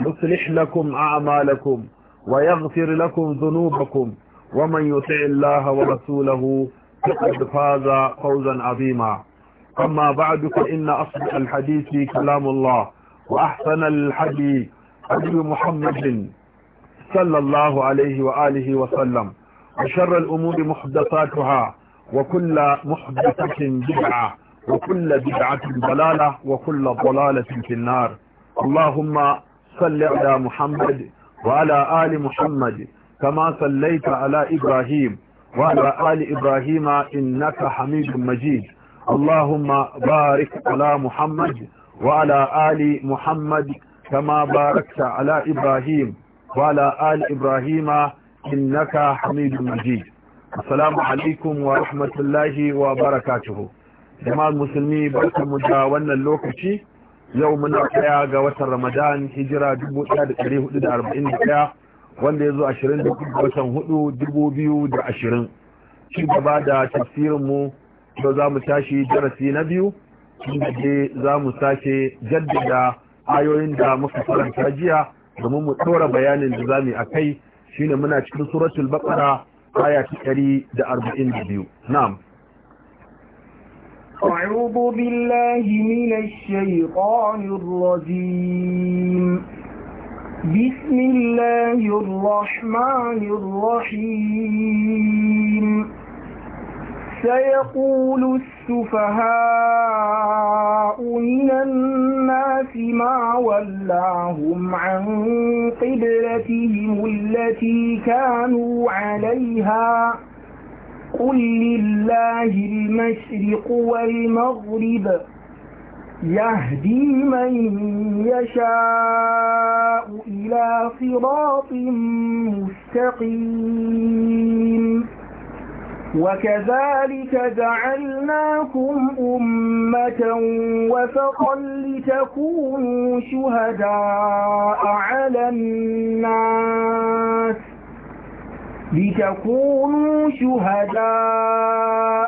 يصلح لكم أعمالكم ويغفر لكم ذنوبكم ومن يطع الله ورسوله فقد فاز فوزا عظيما أما بعد فإن أصدق الحديث كلام الله وأحسن الحديث حديث محمد صلى الله عليه وآله وسلم وشر الأمور محدثاتها وكل محدثة بدعة وكل بدعة ضلالة وكل ضلالة في النار اللهم صل على محمد وعلى آل محمد كما صليت على إبراهيم وعلى آل إبراهيم إنك حميد مجيد اللهم بارك على محمد وعلى آل محمد كما باركت على إبراهيم وعلى آل إبراهيم إنك حميد مجيد السلام عليكم ورحمة الله وبركاته جماعة المسلمين بركة مجاونا اللوكشي yau muna daya ga watan ramadan hijira 1441 wanda ya zo 24 ga watan 4220 ci gaba da tafsirinmu yau za mu tashi darasi na biyu inda ke za mu sake jaddada ayoyin da muka karanta jiya domin mu ɗora bayanin da za mu yi a kai shine muna cikin suratul baqara aya ta 142 na'am أعوذ بالله من الشيطان الرجيم بسم الله الرحمن الرحيم سيقول السفهاء من الناس ما ولاهم عن قبلتهم التي كانوا عليها قل لله المشرق والمغرب يهدي من يشاء إلى صراط مستقيم وكذلك جعلناكم أمة وفقا لتكونوا شهداء على الناس لتكونوا شهداء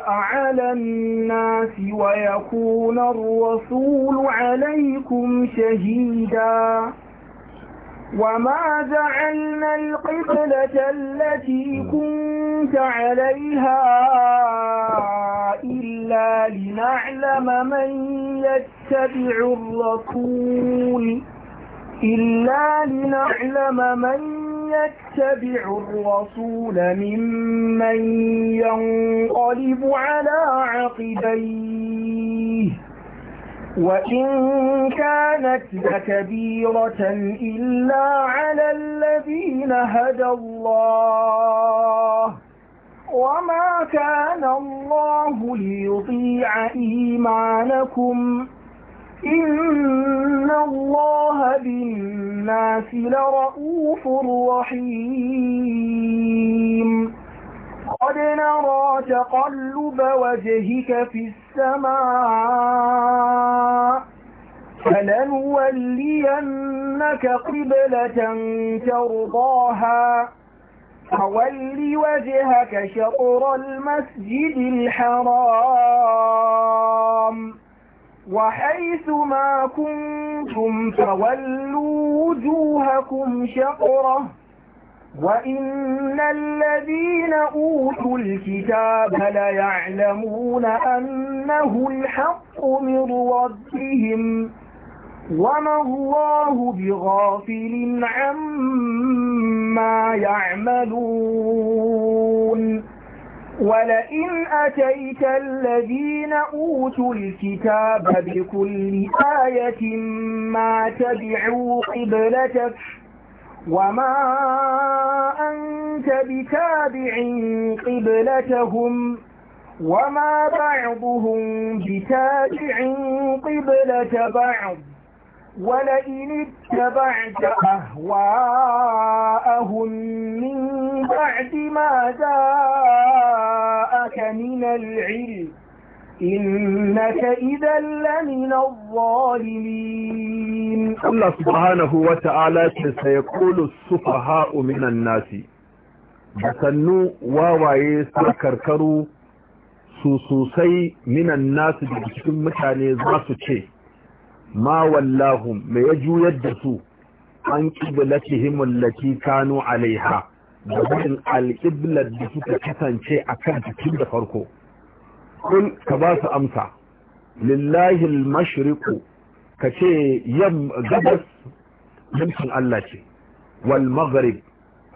على الناس ويكون الرسول عليكم شهيدا وما جعلنا القبلة التي كنت عليها إلا لنعلم من يتبع الرسول إلا لنعلم من يتبع الرسول ممن ينقلب على عقبيه وإن كانت لكبيرة إلا على الذين هدى الله وما كان الله ليطيع إيمانكم إن الله بالناس لرؤوف رحيم قد نرى تقلب وجهك في السماء فلنولينك قبلة ترضاها فول وجهك شطر المسجد الحرام وحيث ما كنتم فولوا وجوهكم شقرة وإن الذين أوتوا الكتاب ليعلمون أنه الحق من ربهم وما الله بغافل عما يعملون ولئن أتيت الذين أوتوا الكتاب بكل آية ما تبعوا قبلتك وما أنت بتابع قبلتهم وما بعضهم بتابع قبلة بعض ولئن اتبعت أهواءهم من بعد ما جاءك من العلم إنك إذا لمن الظالمين الله سبحانه وتعالى سيقول السفهاء من الناس بسنو واواي سكركرو سوسوسي من الناس بجسم متعني ذات شيء ma wallahum me ya juyar da su an qiblatihim allati kanu alaiha da gudun alƙiblar da suka kasance a kan cikin da farko kul ka ba su amsa lillahi mashriƙu ka ce yam gabas mulkin Allah ce wal maghrib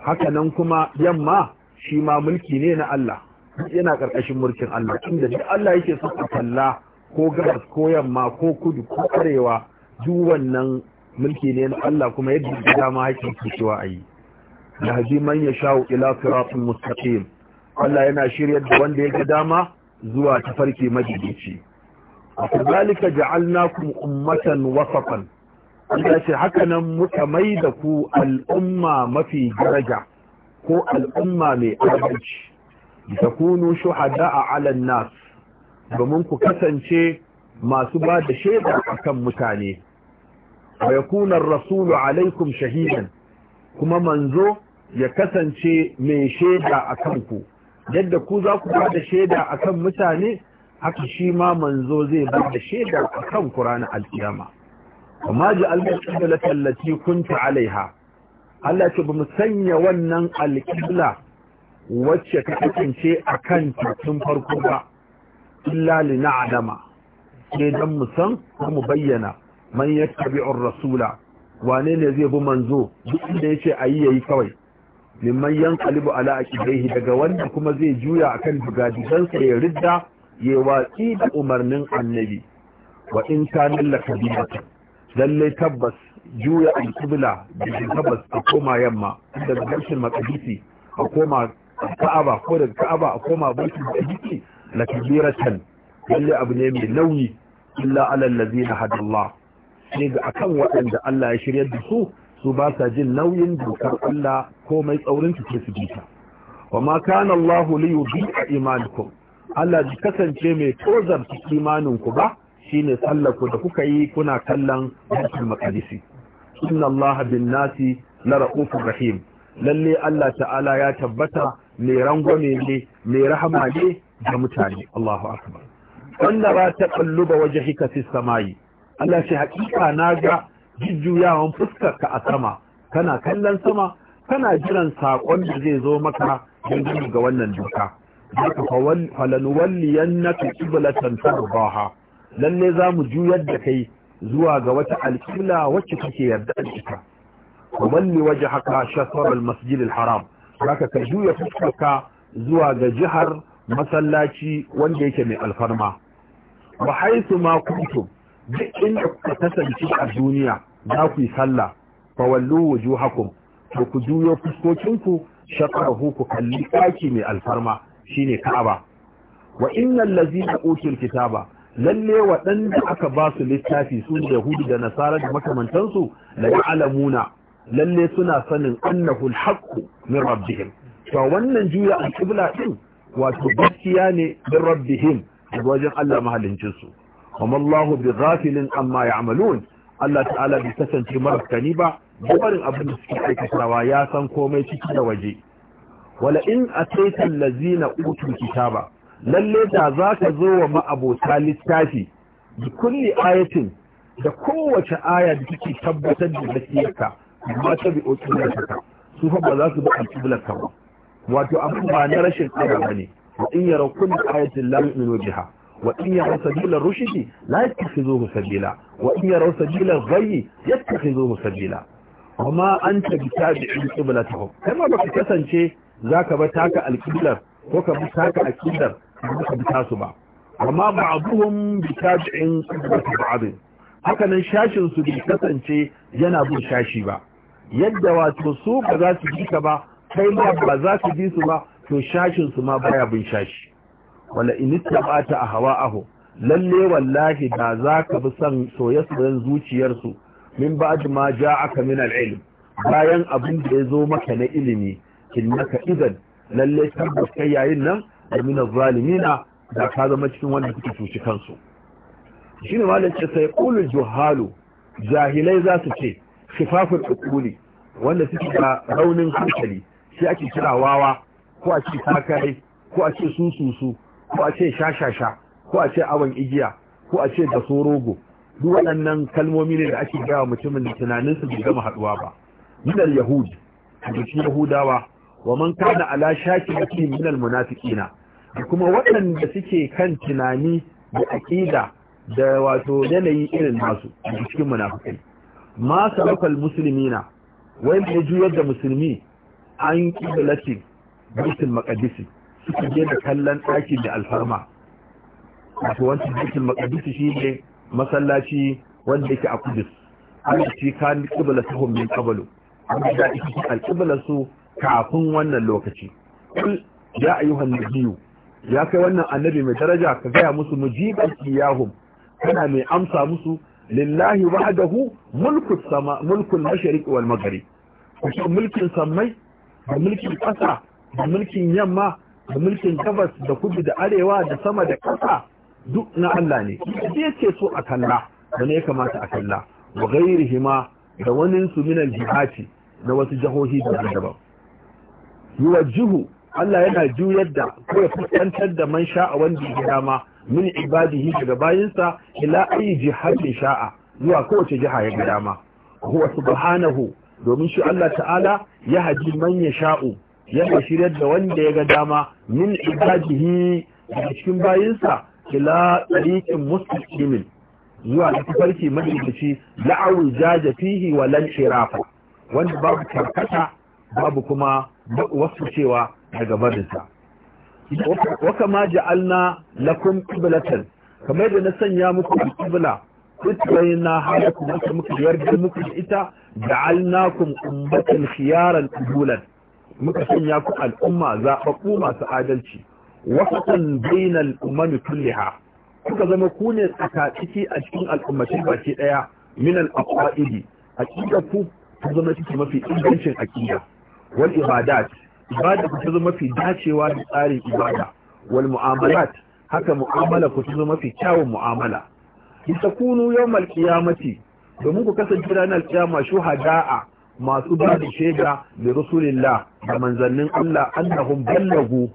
haka nan kuma yamma shi ma mulki ne na Allah yana ƙarƙashin mulkin Allah inda da Allah yake son a kalla ko gabas ko yamma ko kudu ko arewa duk wannan mulki ne na Allah kuma yadda da dama hakin ke cewa yi. yahdi man yashau ila siratin mustaqim Allah yana shiryar da wanda ya ga dama zuwa tafarki madidici kazalika ja'alnakum ummatan wasatan Allah ce haka nan muka mai da ku al'umma mafi daraja ko al'umma mai adalci takunu shuhada a an-nas domin ku kasance masu ba da shaida a kan mutane wa yakuna rasulu alaikum shahidan kuma manzo ya kasance mai shaida a kanku. yadda ku za ku ba da shaida a kan mutane haka shi ma manzo zai ba da shaida a kan ranar alkiyama amma ji alƙibla tallaci kunta alaiha Allah ce ba mu sanya wannan alƙibla wacce ka kasance a kan tun farko ba illa li na'lama sai dan mu san ko mu bayyana man yattabi'ur rasula wane ne zai bi manzo duk inda yace ayi yayi kawai mimman yanqalibu ala aqidaihi daga wanda kuma zai juya akan dugadigansa ya ridda ya watsi da umarnin annabi wa in kana lakabiratan lalle tabbas juya al-qibla da tabbas a koma yamma daga gashin makadisi a koma ka'aba ko daga ka'aba a koma baitul maqdisi la kabiratan lalle abu ne mai nauyi illa alal ladina hadallah sai ga akan waɗanda Allah ya shirya da su su ba sa jin nauyin dokar Allah komai tsaurin su ke su bita wa ma kana Allah li yudi'a imanakum Allah kasance mai tozar imanin ku ba shine sallaku da kuka yi kuna kallon Baitul Maqdis inna Allah bin nasi la ra'ufur rahim lalle Allah ta'ala ya tabbata mai rangwame ne mai rahama ne ga mutane Allahu akbar wanda ba ta kalluba waje hika fi samayi Allah shi hakika na ga jujjuyawan fuskarka a sama kana kallon sama kana jiran saƙon da zai zo maka dangane ga wannan doka haka falanuwalliyannaka qiblatan tarbaha lalle za mu juyar da kai zuwa ga wata alƙibla wacce kake yarda da ita walli wajhaka shatr al-masjid al-haram haka ka juya fuskarka zuwa ga jihar masallaci wanda yake mai alfarma ba haisu ma kuntum duk inda kuka kasance a duniya za ku yi sallah fa wallu wujuhakum to ku juyo fuskokinku shaqahu ku kalli daki mai alfarma shine Ka'aba wa innal ladzina utul kitaba lalle waɗanda aka ba su littafi su yahudi da nasara da makamantansu la ya'lamuna lalle suna sanin annahu alhaqqu min rabbihim to wannan juya al-qibla din wato gaskiya ne bin rabbihim a wajen Allah mahalincin su kuma Allah bi ghafilin amma ya'malun Allah ta'ala bai kasance ni ba barin abin da suke aikatawa ya san komai ciki da waje wala in ataita allazina utul kitaba lalle da zaka zo wa ma'abota littafi bi kulli ayatin da kowace aya da take tabbatar da gaskiyarka amma ta bi utul su fa ba za su bi al ba wato abin ba na rashin tsara bane wa in yara kullu ayatin lam yu'minu biha wa in yara sabila rushdi la yattakhizuhu sabila wa in yara sabila ghayyi yattakhizuhu sabila amma anta bitabi'in ma ba baka kasance zaka ba taka alkiblar ko ka bi taka aqidar ka bita su ba amma ba bitabi'in qiblati ba'd haka nan Hakanan su bi kasance yana bin shashi ba yadda wato su ba za su bi ka ba kai ma ba za su bi su ba to shashin su ma baya bin shashi wala in ta a hawa aho? lalle wallahi da za ka bi son soye-soyen zuciyarsu min ji ma ja aka min al'ilm bayan abin da ya zo maka na ilimi innaka idan lalle tabbas kai yayin nan da min zalimina da ka zama cikin wanda kuke cuci kansu shine malam ce sai qulul juhalu jahilai za su ce khifaful uquli wanda suke da raunin hankali shi ake kira wawa ko a ce sakare ko a ce sususu ko a ce shashasha ko a ce awon igiya ko a ce da sorogo duk waɗannan kalmomi ne da ake gaya mutumin da su bai gama haɗuwa ba al yahud cikin yahudawa wa man kana ala min al munafiqina da kuma waɗanda suke kan tunani da aƙida da wato yanayi irin nasu cikin munafiqai ma salakal muslimina wai ne juyar da musulmi an kiblati baitul maqdis suka je da kallon ɗaki da alfarma wato wancan baitul maqdis shine masallaci wanda yake a Kudus an ci kan qiblatuhum min qablu an da ita alqiblar su kafin wannan lokaci ya ayyuhan nabiyu ya kai wannan annabi mai daraja ka gaya musu mujiban iyahum kana mai amsa musu lillahi wahdahu mulku sama al-mashriq wal maghrib mulkin samai da mulkin ƙasa da mulkin yamma da mulkin gabas da kudu da arewa da sama da ƙasa duk na Allah ne da yake so a kalla da ya kamata a kalla wa gairi hima da wani su minan jihati na wasu jahohi da daban Yi yuwajjihu Allah yana juyar da ko ya fuskantar da man sha'a wanda ya dama min ibadihi daga bayinsa ila ayi jihatin sha'a zuwa kowace jiha ya ga dama huwa subhanahu domin shi Allah ta'ala ya haji man ya sha'u yana shiryar da wanda ya ga dama min ibadihi daga cikin bayinsa ila tsarikin mustaqimin zuwa da tafarki madaidaci la'awu jaja fihi wa lan shirafa wanda babu karkata babu kuma wasu cewa daga barinsa wa kama ja'alna lakum qiblatan kamar da na sanya muku qibla اتبينا حالكم انت ممكن يرجل ممكن اتا جعلناكم امة خيارا قبولا ممكن سنياكم الامة زاقبوا ما سعادلتي وسطا بين الامم كلها kuka zama ku ne ciki a cikin al'ummatin baki daya min al-aqaidi hakika ku zama ciki mafi ingancin aqida wal ibadat ibada ku ta mafi dacewa da tsarin ibada wal mu'amalat haka mu'amala ku mafi kyawun mu'amala litakunu yawmal qiyamati domin ku kasance ranar kiyama shuhada'a masu ba da shaida da rasulillah da manzannin Allah annahum ballagu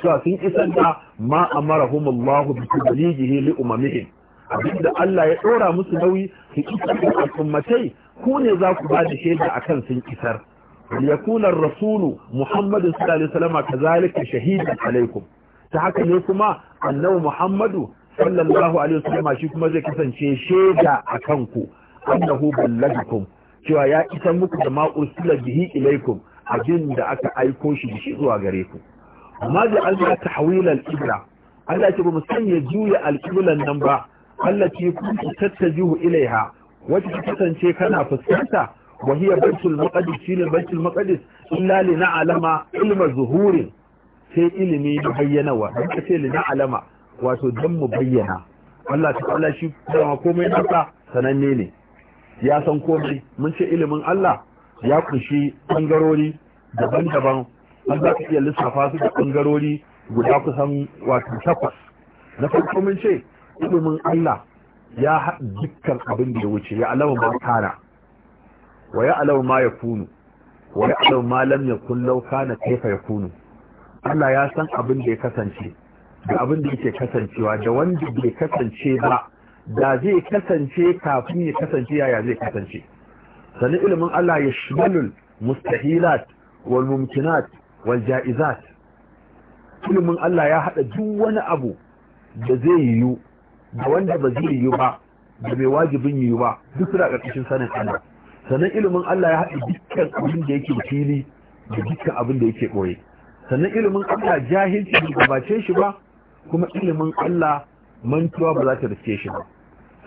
cewa sun isar da ma amarahum Allah bi tabligihi li umamihim abinda Allah ya dora musu nauyi su isar da al'ummatai ku ne za ku ba da shaida akan sun isar liyakuna rasulu Muhammadu sallallahu alaihi wasallam kazalika shahidan alaikum ta haka ne kuma annabi Muhammadu sallallahu alaihi wasallam shi kuma zai kasance shaida a kanku annahu ballagakum cewa ya isa muku da ma ursila bihi ilaikum abin da aka aiko shi da shi zuwa gare ku amma da ta tahwila al-ibra Allah ce ba mu sanya juya al nan ba Allah ce kun tattajihu ilaiha wace ta kasance kana fuskanta wa hiya baitul maqdis shine baitul maqdis illa li alama ilma zuhurin sai ilimi da bayyanawa da kace lina alama. wato don mu bayyana Allah ta kula shi kuma komai nasa sananne ne ya san komai mun ce ilimin Allah ya kunshi bangarori daban-daban an za ka iya lissafa su da bangarori guda kusan wato takwas na farko mun ce ilimin Allah ya haɗa dukkan abin da ya wuce ya alama ma kana wa ya alama ma ya kunu wa ya alama ma lam yakun law kana kaifa yakunu Allah ya san abin da ya kasance da abin da yake kasancewa da wanda bai kasance ba da zai kasance kafin ya kasance yaya zai kasance sani ilimin Allah ya shimalul mustahilat wal mumkinat wal ja'izat ilimin Allah ya haɗa duk wani abu da zai yiwu da wanda ba zai yiwu ba da mai wajibin yiwu ba duk suna ƙarƙashin sanin Allah sannan ilimin Allah ya haɗa dukkan abin da yake fili da dukkan abin da yake ɓoye sannan ilimin Allah jahilci bai gabace shi ba kuma ilimin Allah mantuwa ba za ta riske shi ba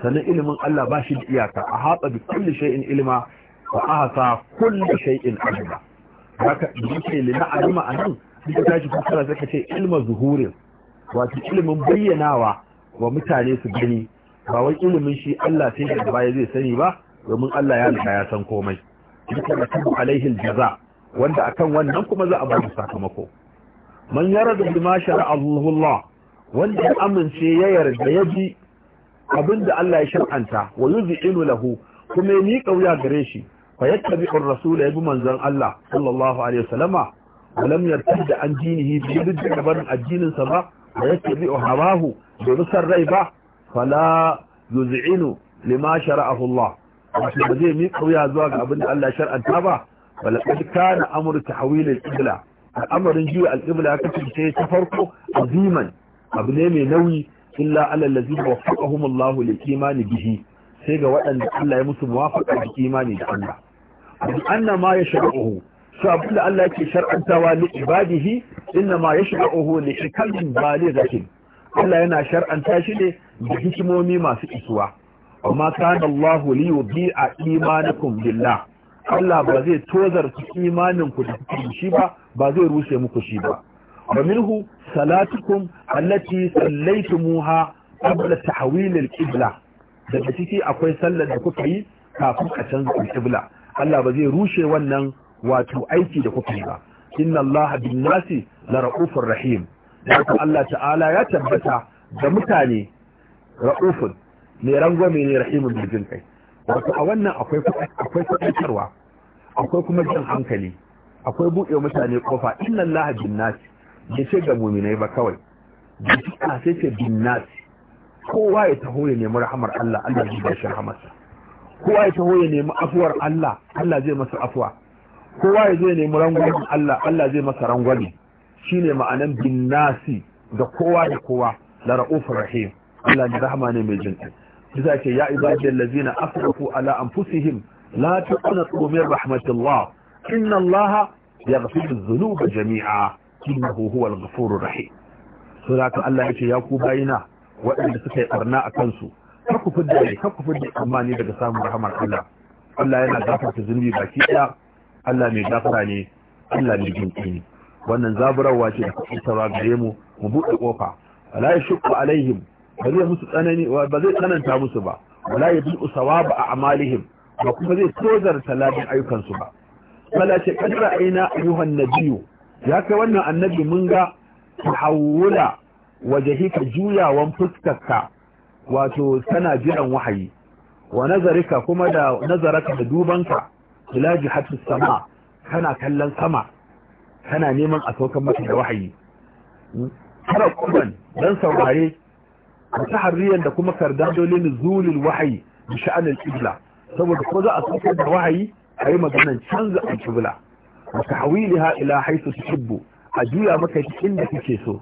sannan ilimin Allah ba shi da iyaka a haɓa bi kulli shay'in ilma wa ahsa kulli shay'in adba haka yake li na alima anan duk ta ji fasara sai ka ce ilma zuhurin wato ilimin bayyanawa wa mutane su gani ba wai ilimin shi Allah sai da baya zai sani ba domin Allah ya riga ya san komai duka da alaihi aljaza wanda akan wannan kuma za a ba sakamako man yarda bima shar'a Allah wanda ya amince ya yarda ya ji abinda Allah ya shar'anta wa yuzinu lahu kuma ya kauya wuya gare shi fa yattabi'ur rasul ya bi manzon Allah sallallahu alaihi wasallama wa lam yartadda an dinihi bi dukkan barin addinin sa ba wa yattabi'u hawahu bi rusar rai ba fala yuzinu lima shara'ahu Allah wato ba zai ni wuya zuwa ga abinda Allah ya shar'anta ba ولقد كان أمر تحويل القبلة الأمر ya القبلة كتب ta farko aziman. abu ne mai nauyi illa alal lazina waffaqahumullahu lil imani bihi sai ga waɗanda Allah ya musu muwafaqa da imani da Allah bi anna ma ya Ohu. su da Allah yake shar'antawa li ibadihi inna ma ya yashra'uhu li hikamin balighatin Allah yana shar'anta shi ne da hikimomi masu isuwa amma kana Allah li yudi'a imanakum billah Allah ba zai tozar imanin ku da shi ba ba zai rushe muku shi ba wa minhu salatukum allati sallaytumuha qabla tahwil al-qibla daga ciki akwai sallar da kuka yi kafin a canza al-qibla Allah ba zai rushe wannan wato aiki da kuka yi ba inna Allah bin nasi la ra'ufur rahim haka Allah ta'ala ya tabbata da mutane ra'ufun mai rangwame ne rahimun bijin kai wato a wannan akwai akwai akwai kuma jin hankali akwai buɗe mutane kofa inna Allah bin nasi bai ce ga muminai ba kawai da ah, sai ce binnasi kowa ya taho ya nemi rahamar Allah Allah zai bashi rahamarsa kowa ya taho ya nemi afuwar Allah Allah zai masa afuwa kowa ya zo ya nemi rangwamin Allah Allah zai masa rangwami shine ma'anan binnasi da kowa da kowa la ra'ufur rahim Allah ne rahama ne mai jin kai ce ya ibadiyal ladzina asrafu ala anfusihim la taqnatu min rahmatillah inna Allah yaghfiru dhunuba jami'a innahu huwal ghafurur rahim so da Allah ya ce ya ku bayina waɗanda suka yi barna a kansu kar ku fidda ne kar ku fidda tsammani daga samun rahamar Allah Allah yana gafarta zunubi baki ɗaya Allah mai gafara ne Allah mai jinƙi ne wannan zaburarwa ce da kuɗin saura gare mu mu buɗe ƙofa wala ya alaihim ba zai musu tsanani ba zai tsananta musu ba wala ya bin usawa ba a amalihim ba kuma zai tozarta ladin ayyukansu ba Allah ce kadra aina ayyuhan nabiyyu ya kai wannan annabi mun ga tahawula wajahika juyawan fuskarka wato tana jiran wahayi wa nazarika kuma da nazaraka da dubanka ila jihatus sama kana kallon sama kana neman a saukan maka da wahayi kara kuban dan saurare ta harriyan da kuma kardan dole nuzulul wahayi bi sha'anil qibla saboda ko za a saukar da wahayi ayi maganar canza al-qibla wa tahwilha ila haythu tuhibbu a juya maka inda kake so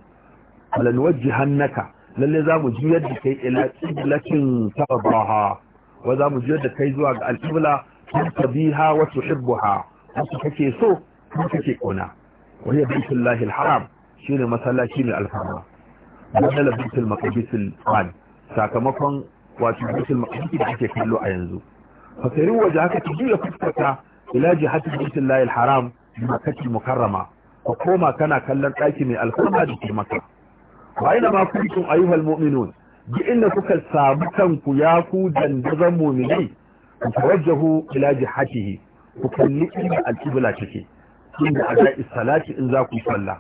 walan wajhannaka lalle zamu juyar da kai ila qiblatin tarbaha wa zamu juyar da kai zuwa ga alqibla tabiha wa tuhibbuha wacce kake so kuma kake kona wa hiya baitullahi alharam shine masallaci ne alfarma badal baitul maqdis alwan sakamakon wato baitul maqdis da ake kallo a yanzu fa waje haka ta juya fuskata ila jihati baitullahi makati mukarrama ka koma kana kallon ɗaki mai alfarma da ke maka wa ina ma kuntum ayyuhal mu'minun duk inda kuka samu kanku ya ku dandazon mu'minai ku tawajjahu ila jihatihi ku kalli inda alqibla take inda aga salati in za ku sallah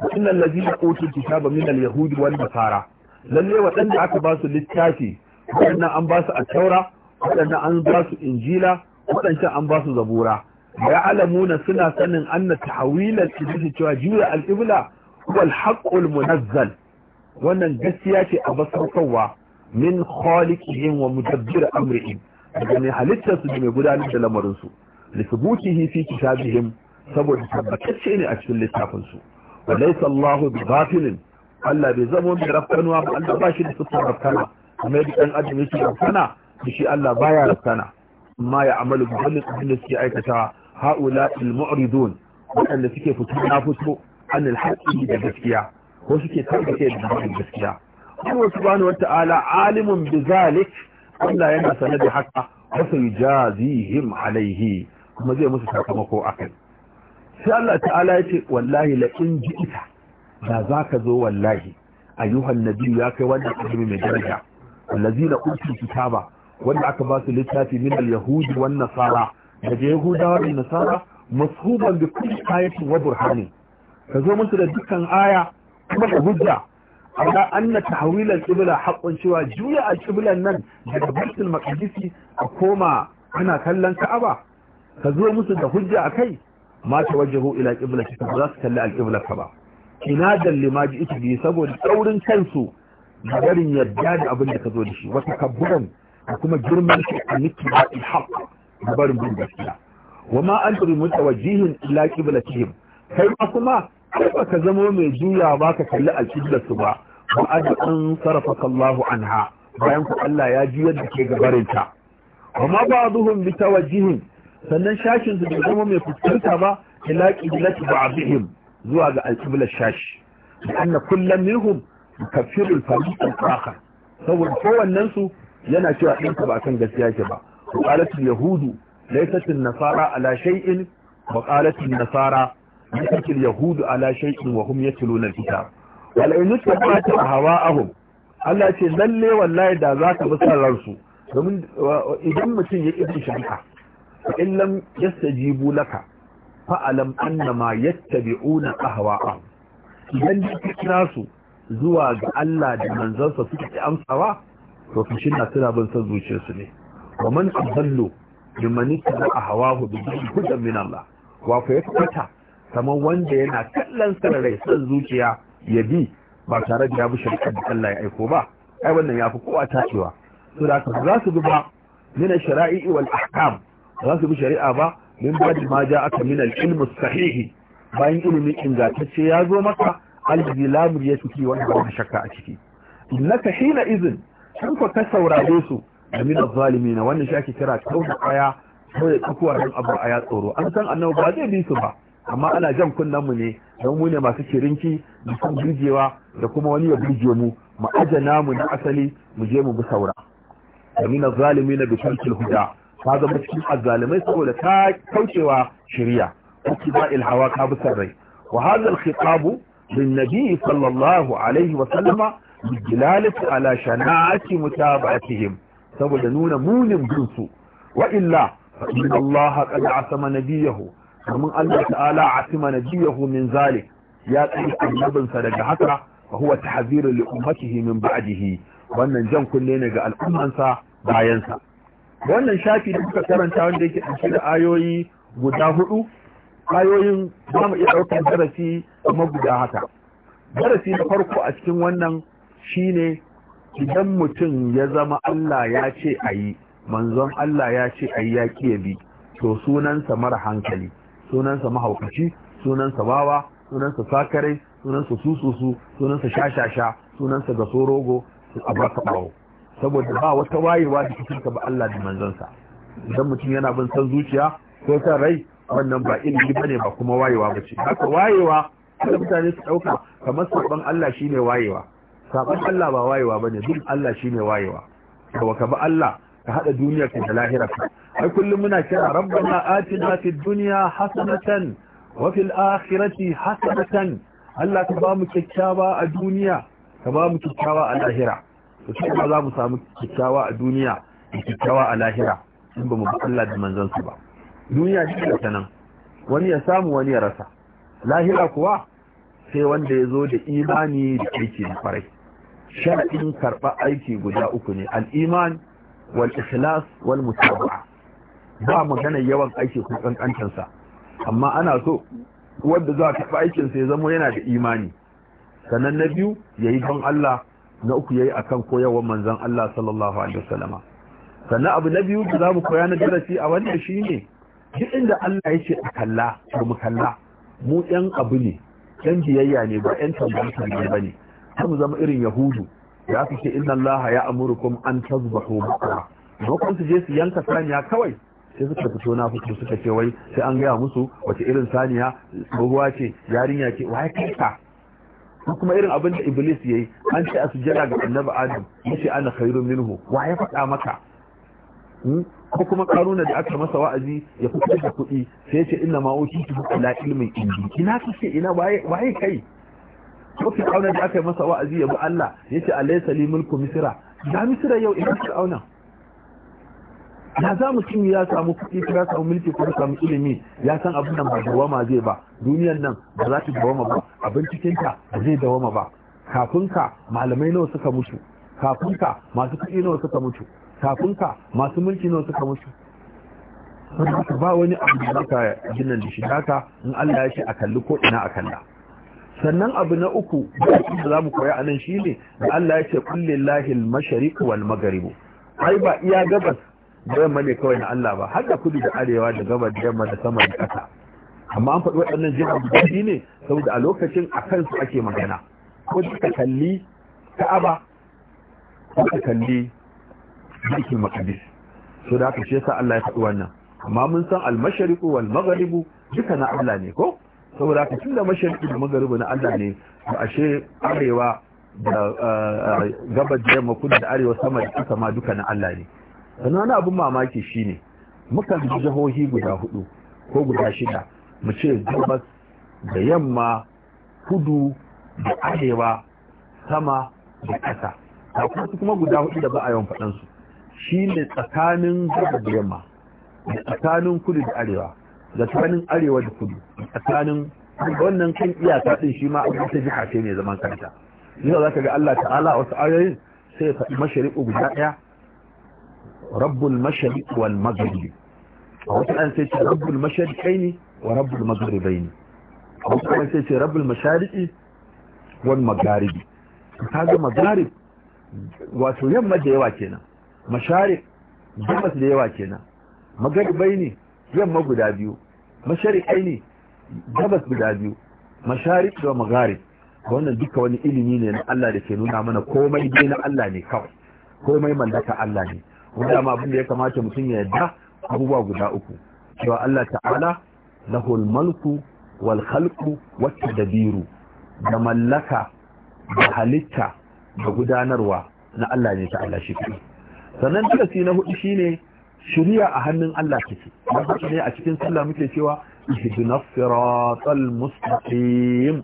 wa innal ladina utul kitaba min al-yahudi wan nasara lalle waɗanda aka ba su littafi waɗannan an ba su attaura waɗannan an ba su injila waɗancan an ba su zabura ya alamuna suna sanin anna tahwilal qibla cewa juya al-qibla huwa haqqul munazzal wannan gaskiya ce a basarkarwa min khaliqihim wa mudabbir amrihim daga mai halittar su da mai gudanar da lamarin su li thubutihi fi kitabihim saboda tabbatacce ne a cikin littafin su wa laysa Allahu bi ghafilin Allah bai zama mai rafkanuwa ba Allah ba shi da suka rafkana kamar yadda ɗan adam yake rafkana da shi Allah baya rafkana amma ya amalu bi kulli abin da suke aikata haula al-mu'ridun waɗanda suke fito na fito an al da gaskiya ko suke tabbace da gaskiya Allah subhanahu wata'ala alimun bi zalik Allah yana sanar da haka wa sayjazihim alaihi kuma zai musu sakamako akai sai Allah ta'ala ya ce wallahi la in ji'ita da zaka zo wallahi ayyuhan nabiyyu ya kai wannan annabi mai daraja allazina utul kitaba wanda aka ba su littafi min al-yahudi wan nasara daga yahudawa da nasara masuban da kulli ayatin wa burhani ka zo musu da dukkan aya kuma da hujja amma anna tahwil al-qibla haqqun cewa juya al-qiblan nan daga baitul maqdis a koma ana kallon ka'aba ka zo musu da hujja akai ma tawajjahu ila qiblati ba za su kalli al-qibla ba ina da limaji ita bi saboda tsaurin kansu da barin yadda da abin da ka zo da shi wata kabburan a kuma girman shi a niki ba haqq da barin bin gaskiya wa ma anta bi ila qiblatihim kai ma kuma kai ba ka zama mai juya ba ka kalli alqibla su ba wa ad an sarafaka Allahu anha bayan ku Allah ya juyar da ke gabarinta wama ba ba'dhum bi tawajjihin sannan shashin su bai zama mai fuskanta ba ila qiblati ba'dihim zuwa ga alqiblar shashi لأن كل منهم يكفر الفريق الآخر saboda kowannensu yana cewa ɗinka ba a kan gaskiya ke ba وقالت اليهود ليست النصارى على شيء وقالت النصارى ليست اليهود على شيء وهم يتلون الكتاب ولئن اتبعت اهواءهم Allah ce lalle wallahi da za ka musar ransu domin idan mutum ya ibn shari'a fa in lam yastajibu laka fa alam annama yattabi'una ahwa'ahum idan ka kira zuwa ga Allah da manzansa suke amsawa to kishin na suna bin son zuciyarsu ne wa man adallu a hawa hawahu bi hudan min Allah wa fa yakata kamar wanda yana kallon sararai san zuciya ya bi ba tare da ya bi shari'ar da Allah ya aiko ba ai ya fi kowa tacewa to da ka za su bi ba min shara'i wal ahkam za su bi shari'a ba min ba ma ja aka min al ilmu sahihi bayan ilimin ingantacce ya zo maka alladhi la muriyatu fi wa shakka a ciki innaka hina izin kan ka saurare su Aminu zalimina wannan shi kira kauda kaya kawai tsakuwa dan abu a ya tsoro an san annabi ba zai bi su ba amma ana jan kunnen mu ne don mu ne masu kirinki da kan birgewa da kuma wani ya birge mu mu ajana mu na asali mu je mu bi saura amin na bi tarkil huda ka zama cikin azzalimai saboda ta kaucewa shari'a اتباع الهوى كابس الري وهذا الخطاب للنبي صلى الله عليه وسلم بالدلالة على شناعة متابعتهم saboda nuna munin binsu wa illa inna Allah qad asama nabiyahu kamun Allah ta'ala asima nabiyahu min zalik ya annabin sa daga haka fa huwa tahzir li ummatihi min ba'dihi wannan jan kunne ne ga al'ummansa bayansa wannan shafi da kuka karanta wanda yake ɗauke da ayoyi guda hudu ayoyin za mu iya ɗaukar darasi kuma guda haka darasi na farko a cikin wannan shine idan mutum ya zama Allah ya ce a yi manzon Allah ya ce a yi ya ƙi bi to sunansa mara hankali sunansa mahaukaci sunansa bawa sunansa sakarai sunansa sususu sunansa shashasha sunansa ga sorogo a baka bawo saboda ba wata wayewa da cikin ba Allah da manzonsa idan mutum yana bin san zuciya ko san rai wannan ba ilimi bane ba kuma wayewa bace haka wayewa kada mutane su ɗauka, kamar sabon Allah shine wayewa saban Allah ba wayewa bane duk Allah shine wayewa kawa ka ba Allah ka hada duniya ka da lahirarka ai kullum muna kira rabbana atina fid dunya hasanatan wa fil akhirati hasanatan Allah ka ba mu kyakkyawa a duniya ka ba mu kyakkyawa a lahira to sai za mu samu kyakkyawa a duniya da kyakkyawa a lahira in ba mu bi Allah da manzansa ba duniya shi ta nan wani ya samu wani ya rasa lahira kuwa sai wanda ya zo da imani da aiki da farai sha'in karɓar aiki guda uku ne al'iman wal ikhlas wal mutaba'a ba magana yawan aiki ko ƙanƙancinsa amma ana so wadda za a taɓa aikinsa ya zama yana da imani sannan na biyu ya yi don Allah na uku ya yayi akan koyarwar manzon Allah sallallahu alaihi wasallama sannan abu na biyu da za mu koya na darasi a wannan ne, duk inda Allah ya ce a kalla to mu kalla mu ɗan abu ne ɗan biyayya ne ba ‘yan tambayi ne ba ne kan zama irin yahudu ya fi ce inna Allah ya amurukum an tazbahu bukra bakon su je su yanka saniya kawai sai suka fito na fito suka ce wai sai an gaya musu wace irin saniya ruwa ce yarinya ce ya kai ka kuma irin abin da iblis yayi an ce a sujjada ga annabi adam yace ana khairun minhu ya faɗa maka hmm? ko kuma karuna da aka masa wa'azi ya fito da kuɗi sai ce inna ma utitu ala ilmin indi ina kace ina waye waye kai ko auna da aka yi masa wa'azi ya bi Allah ya ce li mulku misira ga misira yau ina auna Ya za mu cin ya samu kuɗi ya samu mulki ko samu ilimi ya san abin nan ba dawama zai ba duniyar nan ba za ta dawama ba abin cikin ta ba zai dawama ba kafin ka malamai nawa suka mutu kafin ka masu kuɗi nawa suka mutu kafin ka masu mulki nawa suka mutu ba wani abu da zaka gina da shi haka in Allah ya shi a kalli ko ina a kalla sannan abu na uku da za mu koya a nan shi ne da Allah ya ce kulle lahil mashariku wal magaribu ai ba iya gabas da yamma ne kawai na Allah ba har da kudu da arewa da gabas da yamma da sama da ƙasa amma an faɗi waɗannan jihar da shi ne saboda a lokacin a kansu ake magana ko ka kalli ka'aba ko ka kalli baitul maqdis so da haka shi yasa Allah ya faɗi wannan amma mun san al mashariku wal magharibu duka na Allah ne ko saboda haka da mashariki da magaribi na Allah ne ashe arewa da eh, gabar da yamma kudu da arewa sama da kasa ma duka na Allah ne sannan wani abin mamaki shine muka ji jihohi guda hudu ko guda shida mu ce gabas da yamma kudu da arewa sama da ƙasa kuma su kuma guda hudu da ba a yawan faɗansu shi ne tsakanin gabas da yamma da tsakanin kudu da arewa da tsakanin arewa da kudu tsakanin wannan kan iyaka din shi ma abin ta jiha ce mai zaman kanta yau za ka ga Allah ta'ala wasu ayoyin sai fa faɗi guda ɗaya rabbul mashariq wal maghrib a wasu an sai ce rabbul mashariƙai wa rabbul magharibai a wasu an sai ce rabbul mashariqi wal magharibi ka ga magharib wato yamma da yawa kenan masharik gabas da yawa kenan magharibaini yamma guda biyu masharikai ne gabas guda biyu mashari da ga wannan duka wani ilimi ne na Allah da ke nuna mana komai dai na Allah ne kawai komai mallaka Allah ne wanda ma abin da ya kamata mutum ya yarda abubuwa guda uku cewa Allah ta'ala lahul mulku wal khalqu wat tadbiru da mallaka da halitta da gudanarwa na Allah ne ta'ala shi sannan duka shi na hudu shine shari'a a hannun Allah take don haka ne a cikin sallah muke cewa ihdinas siratal mustaqim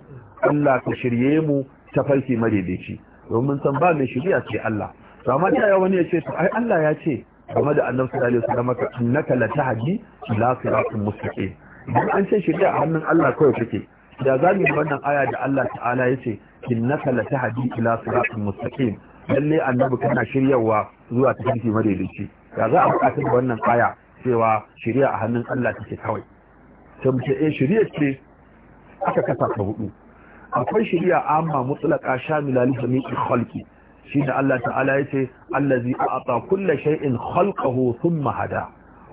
Allah ka shirye mu ta farki madaidaici domin san ba mai shari'a ce Allah to amma da ya wani ya ce ai Allah ya ce game da Annabi sallallahu alaihi wasallam ka innaka la tahdi ila siratal mustaqim dan an ce shari'a a hannun Allah kawai take da zamu wannan aya da Allah ta'ala yace innaka la tahdi ila siratal mustaqim lalle annabi kana shiryawa zuwa tafarki madaidaici ya za a buƙatar da wannan aya cewa shirya a hannun Allah take kawai sai mu ce eh shirya ce aka kasa ta hudu akwai shirya amma mutlaka shamila li jami'i khalqi da Allah ta'ala yace allazi a'ata kulli shay'in khalqahu thumma hada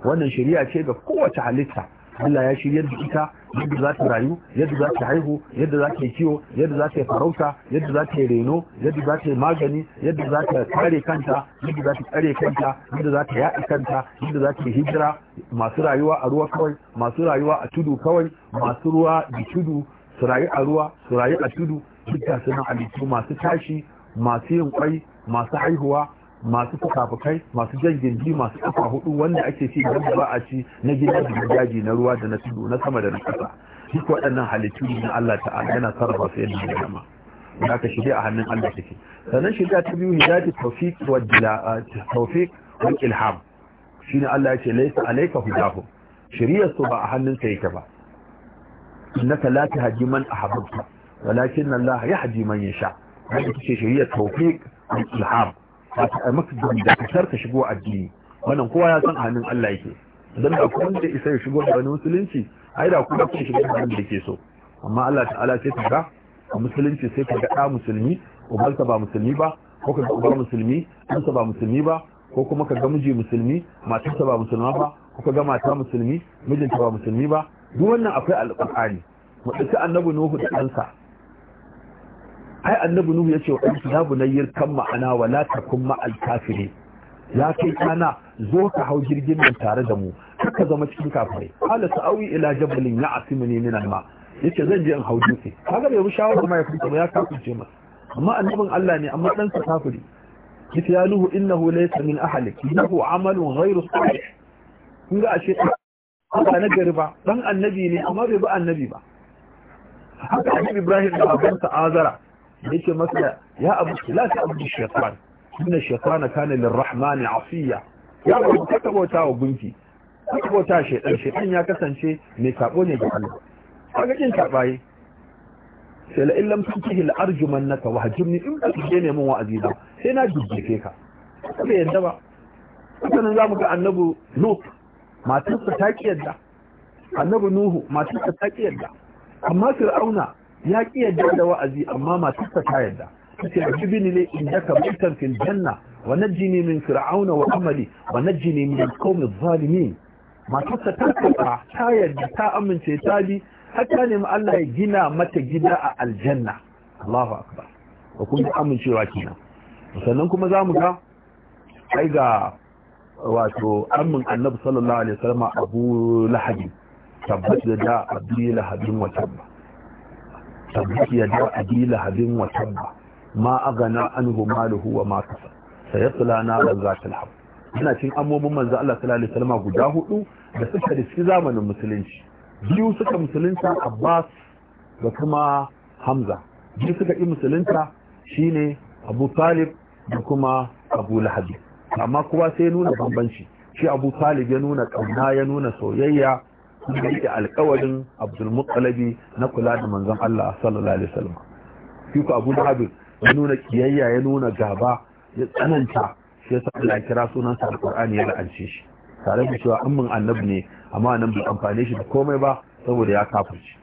wannan shiriya ce ga kowace halitta Allah ya shirya da ita yadda za ta rayu yadda za ta haihu yadda za ta yi kiwo yadda za ta yi farauta yadda za ta yi reno yadda za ta yi magani yadda za ta kare kanta yadda za ta tsare kanta yadda za ta yaɗa kanta yadda za ta yi hijira masu rayuwa a ruwa kawai masu rayuwa a tudu kawai masu ruwa da tudu su rayu a ruwa su rayu a tudu duk suna halittu masu tashi masu yin kwai masu haihuwa masu fukafukai masu jan gindi masu kafa hudu wanda ake ci da ba a ci na gina da daji na ruwa da na tudu na sama da na kasa duk waɗannan halittu na Allah ta'ala yana sarrafa su yadda ya dama da aka shirya a hannun Allah take sannan shirya ta biyu hidayatu tawfiq wa ah, tawfiq wal ilham shine Allah yake laysa alayka hudahu shiriyar su ba a hannun sa yake ba innaka la tahdi man ahbabta walakin Allah yahdi man yasha haka ce shiriyar tawfiq wal ilham ka ta da kasar ka shigo addini wannan kowa ya san hannun Allah yake dan da kuma da isa ya shigo da wani musulunci ai da kuma kun shigo da wanda yake so amma Allah ta'ala sai ka ga a musulunci sai ka ga da musulmi ubansa ba musulmi ba ko ka ga ubar musulmi ɗansa ba musulmi ba ko kuma ka ga miji musulmi matarsa ba musulma ba ko ka ga mata musulmi mijinta ba musulmi ba duk wannan akwai alƙur'ani mu annabi Nuhu da ɗansa ai annabi nuhu yace wa ya bunayyir kan ma'ana wa la takun ma'al kafirin ya kai kana zo ka hau jirgin nan tare da mu kaka zama cikin kafirai qala sa'awi ila jabalin asimuni min alma. yace zan je in hau dutse kaga bai shawara kuma ya fita ya kafirce mu amma annabin Allah ne amma dan sa kafiri yace ya nuhu innahu laysa min ahlik innahu amalun ghayru salih kun ga ashe ba na gari ba dan annabi ne amma bai ba annabi ba haka annabi Ibrahim da abansa Azara yake masa ya abu la ta abu shaytan inna shaytana kana lirrahmani asiya ya abu ka tabauta wa gunki ka ta shaytan shaytan ya kasance mai sabo ne ga Allah kaga kin sabaye sai la illam tunkihi al-arjumannaka wahjumni in ka kike ne mun wa'azi ba sai na dubbe ka kaga yadda ba za mu ga annabi Nuh matarsa ta ki yadda Annabu Nuhu matarsa ta ki yadda amma Fir'auna ya ki yadda da wa'azi amma matarsa ta yadda tace ajibini ne ka mutan fil janna wa najini min fir'auna wa amali wa najini min al-qawmi adh-dhalimin matarsa ta karɓa ta yadda ta amince ta bi hatta ne Allah ya gina mata gida a aljanna Allahu akbar wa kun amincewa kina. sannan kuma zamu ga ai ga wato amin annabi sallallahu alaihi wasallam Abu lahabi tabbata da Abu Lahabin wa tabba tabbat yada abi lahabin wa tabba ma aghna anhu maluhu wa ma kasab sayasla naran zatil hab Ina cin amobin manzo Allah sallallahu alaihi wasallam guda hudu da suka riski zamanin musulunci biyu suka musulunta Abbas da kuma Hamza biyu suka yi musulunta shine Abu Talib da kuma Abu Lahab amma kowa sai nuna bambanci shi Abu Talib ya nuna kauna ya nuna soyayya kuma alƙawarin alkawarin abdulmuttalabi na kula da manzon Allah sallallahu alaihi wasallam shi abu dhabi ya nuna kiyayya ya nuna gaba ya tsananta shi yasa Allah ya kira sunan sa alqur'ani ya la'ance shi tare da cewa mun annabi ne amma annabi bai amfane shi da komai ba saboda ya kafirci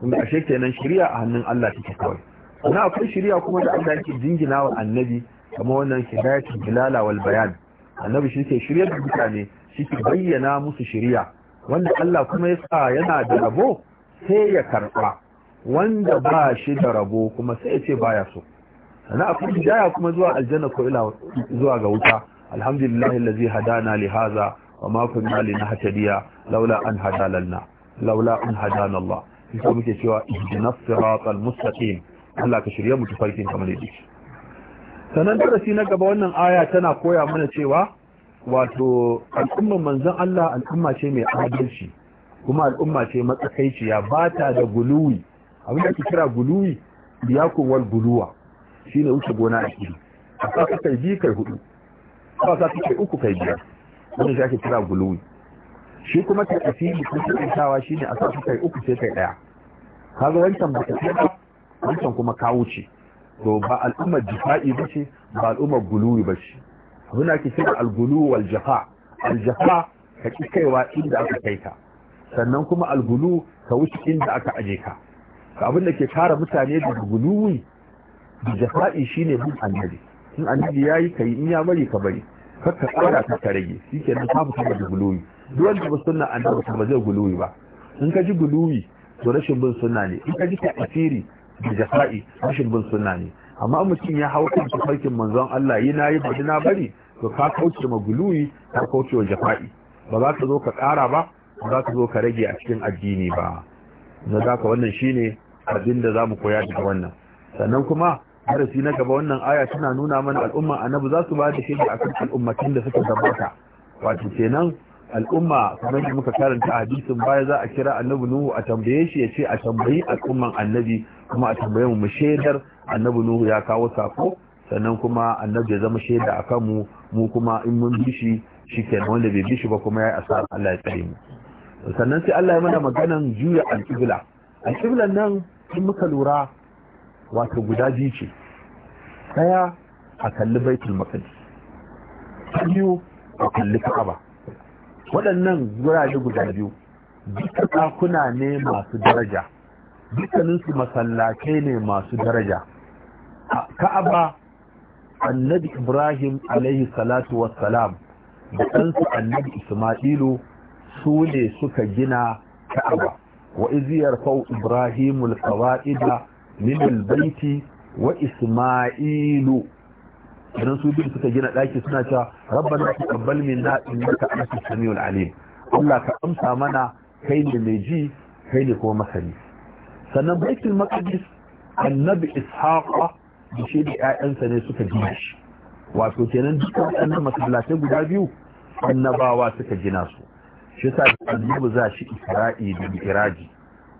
kuma ashe kenan shari'a a hannun Allah take kawai sannan akwai shari'a kuma da Allah yake jingina wa annabi kamar wannan hidayatul bilala wal bayan annabi shi ke shiryar da mutane shi ke bayyana musu shari'a wanda Allah kuma yasa yana da rabo sai ya karɓa wanda ba shi da rabo kuma sai ya ce baya so sana a kuma jaya kuma zuwa aljanna ko ila zuwa ga wuta alhamdulillah allazi hadana li hadha wa ma kunna linahtadiya laula an hadalna laula an hadana Allah sai kuma muke cewa ihdina siratal mustaqim Allah ka shirye mu tafarkin kamar yadda sanan darasi na gaba wannan aya tana koya mana cewa wato al'ummar manzan Allah al'umma ce mai adalci kuma al'umma ce matsakaiciya ba ta da guluwi abin da ake kira guluwi biya wal guluwa Shi ne wuce gona a kiri a sa kai biyu kai hudu a sa kai uku kai biyar wanda shi ake kira guluwi shi kuma ta asiri ko Shi ne a sa kai uku sai kai daya kaga wancan ba ba wancan kuma kawo ce to ba al'ummar jifa'i ba ce ba al'ummar guluwi ba ce abin ake kira algulu wal jafa al jafa ka ki kaiwa inda aka kai ka sannan kuma algulu ka wuce inda aka aje ka ka abin da ke kare mutane daga guluwi da jafa'i shine bin annabi in annabi yayi kai in ya bari ka bari kar ka tsara ka rage shikenan ka fita daga guluwi duk wanda ba sunna annabi ba zai guluwi ba in ka ji guluwi to rashin bin sunna ne in ka ji ta'asiri da jafa'i rashin bin sunna ne amma mutum ya hau kan tafarkin manzon Allah yi nayi bari na bari to ka kauce ma guluwi ka kauce wa jafa'i ba za ka zo ka ƙara ba ba za ka zo ka rage a cikin addini ba na za ka wannan shine abin da za mu koya daga wannan sannan kuma darasi na gaba wannan aya tana nuna mana al'umma annabi za su ba da a akan al'ummatin da suka gabata wato kenan al'umma kamar da muka karanta hadisin baya za a kira annabi nuhu a tambaye shi ya ce a tambayi al'umman annabi kuma a tambaye mu shaidar annabi nuhu ya kawo sako sannan kuma annabi ya zama shaida a kanmu mu kuma in mun bi shi shi kenan wanda bai bi shi ba kuma ya yi asara Allah ya tsare mu sannan sai Allah ya mana maganan juya alƙibla alƙiblan nan in muka lura wato guda biyu ce ɗaya a kalli baitul maqdis ta biyu a kalli ka'aba waɗannan gurare guda biyu duka ɗakuna ne masu daraja dukkaninsu masallatai ne masu daraja ka'aba annabi ibrahim alayhi salatu wassalam da ɗansu annabi ismailu su ne suka gina ka'aba wa iziyar fau ibrahimul kawa'ida min albaiti wa ismailu idan su biyu suka gina ɗaki suna cewa rabban na taqabbal minna innaka antas samiul alim Allah ka amsa mana kai ne mai ji kai ne kuma masani sannan baitul maqdis annabi ishaqa da shi da ƴaƴansa ne suka gina shi wato kenan dukkan waɗannan masallatai guda biyu annabawa suka gina su shi sa annabi za shi isra'i da iraji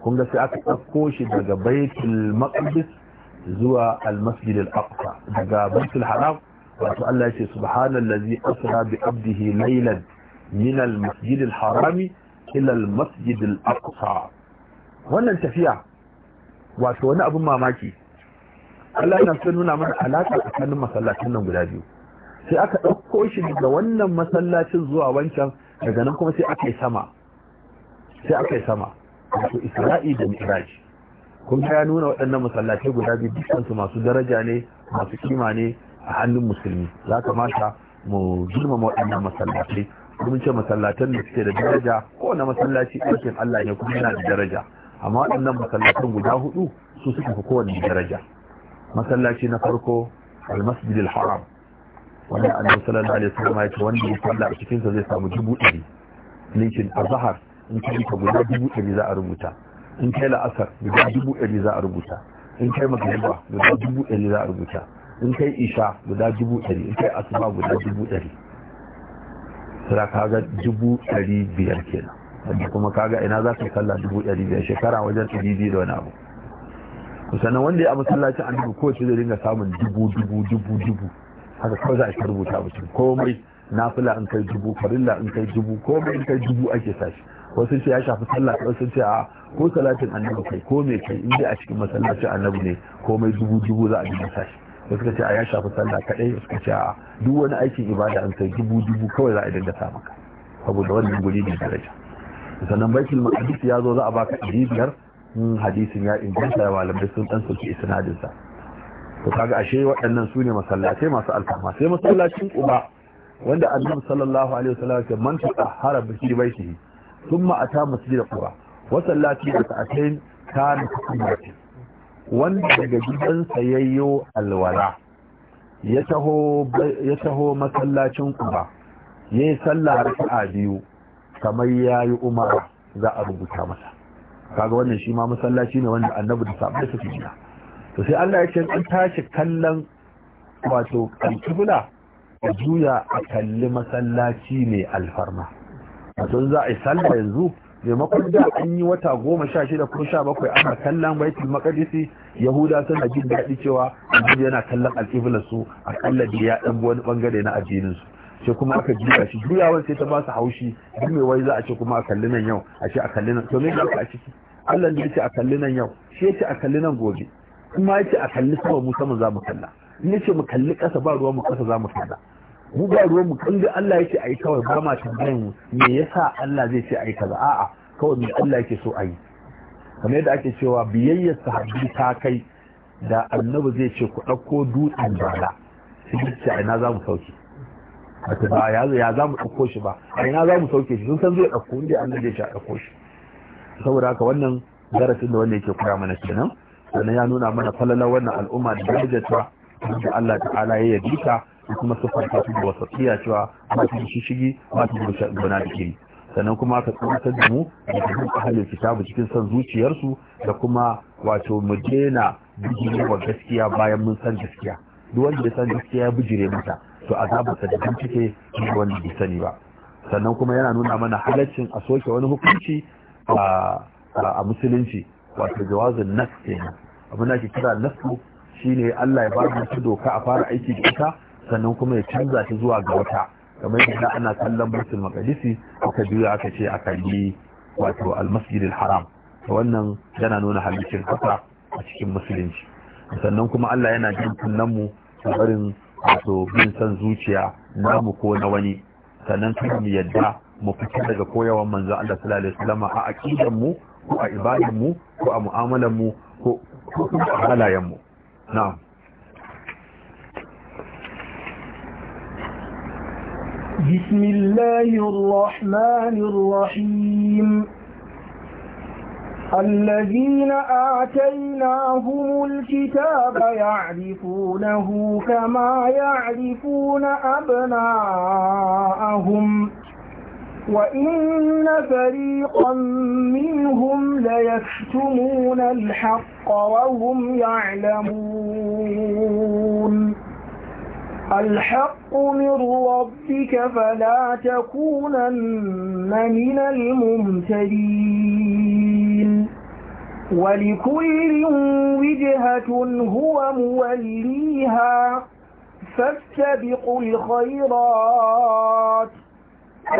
kun ga sai aka ɗauko shi daga baitul maqdis zuwa al al-aqsa daga baitul haram wato Allah ya ce subhanallazi asra bi abdihi laylan min al al-harami ila al al-aqsa wannan tafiya wato wani abin mamaki Allah yana son nuna mana alaƙa tsakanin masallacin nan guda biyu sai aka ɗauko shi daga wannan masallacin zuwa wancan daga nan kuma sai aka yi sama sai aka yi sama wato isra'i da mi'raj kun ya nuna waɗannan masallacai guda biyu dukansu masu daraja ne masu kima ne a hannun musulmi za ka mata mu girmama waɗannan masallacai mun ce masallatan da suke da daraja kowane masallaci ɗaukin Allah ne kuma yana da daraja amma waɗannan masallatan guda hudu su suka fi kowane daraja masallaci na farko almasjid haram wanda annabi sallallahu alaihi wasallam ya ce wanda ya salla a cikin sa zai samu dubu ɗari linkin azhar in kai ka guda dubu ɗari za a rubuta in kai la'asar guda dubu ɗari za a rubuta in kai magariba guda dubu ɗari za a rubuta in kai isha guda dubu ɗari in kai asuba guda dubu ɗari ka kaga dubu ɗari biyar kenan wanda kuma kaga ina za ka kalla dubu ɗari biyar shekara wajen ɗari biyu da wani abu sannan wanda ya masallacin annabi ko ce zai dinga samun dubu dubu dubu dubu haka kawai za a ta rubuta mutum komai nafila in kai dubu farilla in kai dubu komai in kai dubu ake sashi wasu ce ya shafi sallah wasu ce a ko salatin annabi kai ko me kai in inda a cikin masallacin annabi ne komai dubu dubu za a dinga sashi wasu ka ce a ya shafi sallah kadai wasu ka ce a duk wani aikin ibada in kai dubu dubu kawai za a dinga sa maka saboda wannan guri ne daraja sannan baitul maqdis ya zo za a baka ɗari biyar in hadisin ya inganta da malamai sun dan soki isnadinsa to kaga ashe waɗannan su ne masallatai masu alfama sai masallacin uba wanda annabi sallallahu alaihi wasallam ya man tahara bi baitihi thumma ata masjid quba wa sallati bi ta kan kumbati wanda daga gidan sayayyo alwala ya taho ya taho masallacin quba yayi sallah raka'a biyu kamar yayi umara za a rubuta masa kaga wannan shi ma masallaci ne wanda annabi da sabai suke gina to sai Allah ya ce an tashi kallon wato alkibla a juya a kalli masallaci ne alfarma wato za a yi sallah yanzu maimakon da an yi wata goma sha shida ko sha bakwai ana kallon baiti makadisi yahuda suna jin daɗi cewa annabi yana kallon alkiblar su a kalla ya ɗan wani bangare na addinin su sai kuma aka juya shi juyawan sai ta ba su haushi duk mai wai za a ce kuma a kalli nan yau a ce a kalli nan to me da aka a ciki Allah ne yace a kalli nan yau shi yace a kalli nan gobe kuma yace a kalli sama mu sama za mu kalla in yace mu kalli ƙasa ba ruwan mu ƙasa za mu kalla mu ba ruwan mu kalli Allah yace ai kawai ba ma tambayan me yasa Allah zai ce ai kaza a'a kawai me Allah yake so ayi kamar yadda ake cewa biyayyar sahabbi ta kai da annabi zai ce ku ɗauko dutsen bala sai ce na za mu sauke wato ba ya ya za mu ɗauko shi ba a ina za mu sauke shi sun san zai ɗauko inda an zai ci a ɗauko shi saboda haka wannan darasin da wanda yake koya mana kenan sannan ya nuna mana falala wannan al'umma da darajarta da Allah ta'ala ya yi ta da kuma sufarta su da wasatiya cewa ba ta shi shigi ba ta gona da kiri sannan kuma aka tsantar da mu da cikin ahalin kitabu cikin son zuciyarsu da kuma wato mu daina bijire wa gaskiya bayan mun san gaskiya duk wanda ya san gaskiya ya bijire mata to azabarsa da kan cike wanda bai sani ba sannan kuma yana nuna mana halaccin a soke wani hukunci a musulunci wato jawazin nas kenan abin da ake kira nasu shine Allah ya ba mu doka a fara aiki da ita sannan kuma ya canza ta zuwa ga wata kamar yadda ana kallon baitul maqdisi aka juya aka ce a kalli wato al-masjid al-haram wannan yana nuna halaccin haka a cikin musulunci sannan kuma Allah yana jin kunnen mu barin wato bin san zuciya namu ko na wani sannan kan mu yadda mu fita daga koyawan manzo Allah sallallahu alaihi wasallam a aqidan mu ko a ibadan mu ko a mu'amalan mu ko a halayen mu na'am بسم الله الذين آتيناهم الكتاب يعرفونه كما يعرفون أبناءهم وإن فريقا منهم ليكتمون الحق وهم يعلمون الحق من ربك فلا تكونن من الممتدين ولكل وجهة هو موليها فاستبقوا الخيرات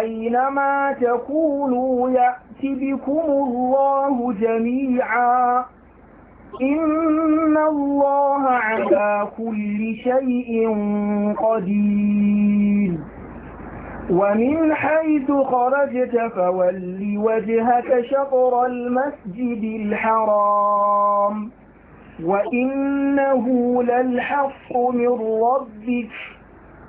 أينما تكونوا يأت بكم الله جميعا إن الله على كل شيء قدير ومن حيث خرجت فول وجهك شطر المسجد الحرام وإنه للحق من ربك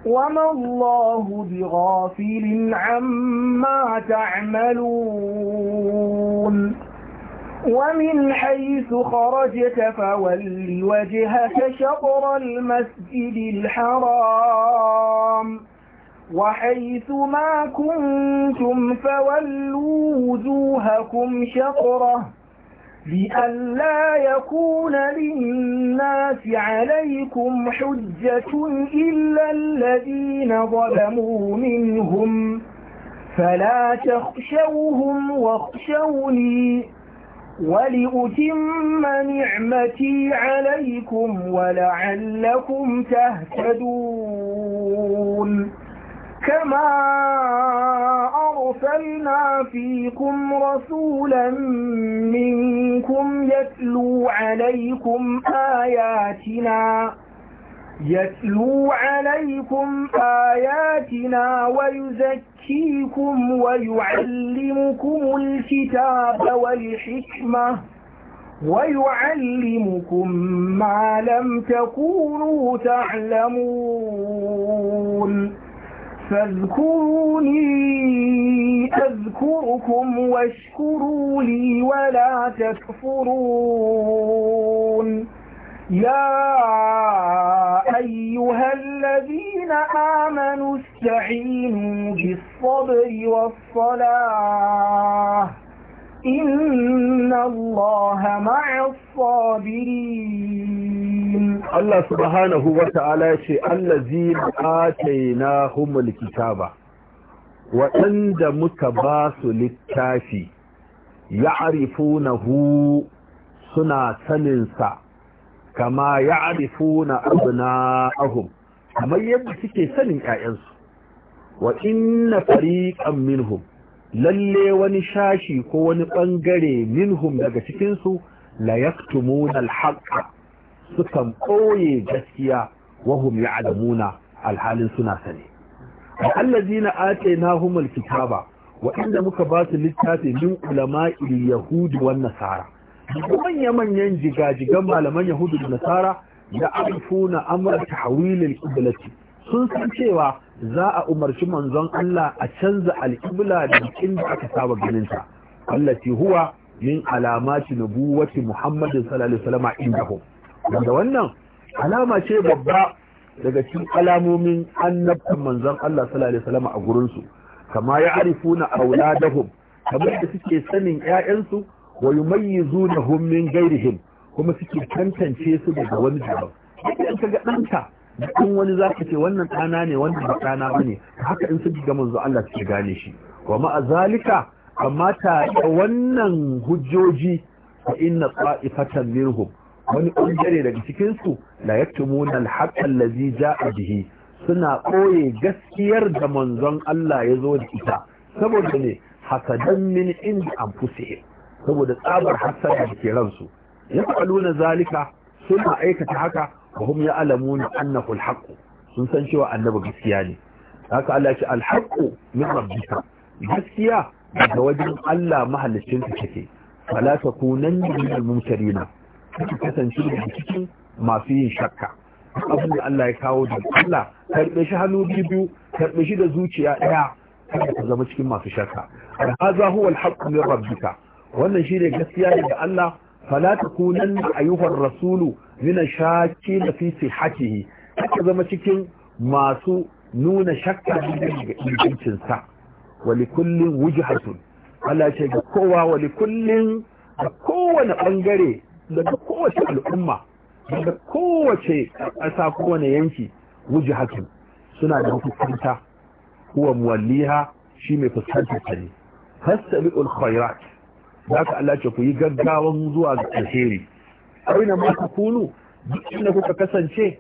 وما الله بغافل عما تعملون ومن حيث خرجت فول وجهك شطر المسجد الحرام وحيث ما كنتم فولوا وجوهكم شطره لئلا يكون للناس عليكم حجة إلا الذين ظلموا منهم فلا تخشوهم واخشوني ولأتم نعمتي عليكم ولعلكم تهتدون كما أرسلنا فيكم رسولا منكم يتلو عليكم آياتنا يتلو عليكم آياتنا ويزكيكم ويعلمكم الكتاب والحكمة ويعلمكم ما لم تكونوا تعلمون فاذكروني أذكركم واشكروا لي ولا تكفرون يا أيها الذين آمنوا استعينوا بالصبر والصلاة إن الله مع الصابرين الله سبحانه وتعالى شيء الذين آتيناهم الكتابة وعند متباس للكافي يعرفونه سنة سنة kama ya'rifuna ahum kamar yadda suke sanin ƴaƴansu wa inna minhum lalle wani shashi ko wani ɓangare minhum daga cikin su la yaktumuna sukan koye gaskiya wahum ya'lamuna alhalin suna sane allazina atainahumul kitaba wa inda muka ba su littafi min ulama'il yahudi wan nasara manya-manyan jigajigan malaman yahudu da nasara da arfuna amur al qiblati sun san cewa za a umarci manzon Allah a canza al-qibla da inda aka saba ta wallati huwa min alamati nubuwati Muhammad sallallahu alaihi wasallam indahum wanda wannan alama ce babba daga cikin alamomin annabtan manzon Allah sallallahu alaihi wasallam a gurin su kama ya arifuna auladahum kamar da suke sanin ƴaƴansu wa yumayyizunahum min ghairihim kuma suke tantance su daga wani daban idan ka ga ɗanta in wani za ka ce wannan ɗana ne wannan ba ɗana ba haka in su ga manzo Allah suke gane shi wa ma'azalika amma ta wannan hujjoji fa inna qa'ifatan minhum wani ƙungare daga cikin su la yaktumuna al-haqqa allazi ja'a bihi suna ɓoye gaskiyar da manzon Allah ya zo da ita saboda ne hasadan min inda anfusihim saboda tsabar hasada da ke ransu ya fa'aluna zalika suna aikata haka wa hum na annahu alhaq sun san cewa annaba gaskiya ne haka Allah ce alhaq min rabbika gaskiya daga wajen Allah mahallicin ka take fala takunanna min almumtarina kake kasance da cikin masu yin shakka abin da Allah ya kawo da Allah karbe shi hannu biyu biyu shi da zuciya ɗaya kada ka zama cikin masu shakka hadha huwa alhaq min rabbika wannan shine gaskiya daga Allah kunan takunan ayyuhar rasulu na shaki da fi sihhatihi haka zama cikin masu nuna shakka daga ingancinsa, wali kullum likullin wujhatun Allah ce ga kowa wali kullum da kowane bangare daga kowace al'umma daga kowace ƙasa kowane yanki wujhatun suna da fuskanta huwa muwalliha shi mai fuskantar ta ne fastabiqul khairat Zaka aka Allah ce ku yi gaggawan zuwa ga alheri wina ma kunu duk inda kuka kasance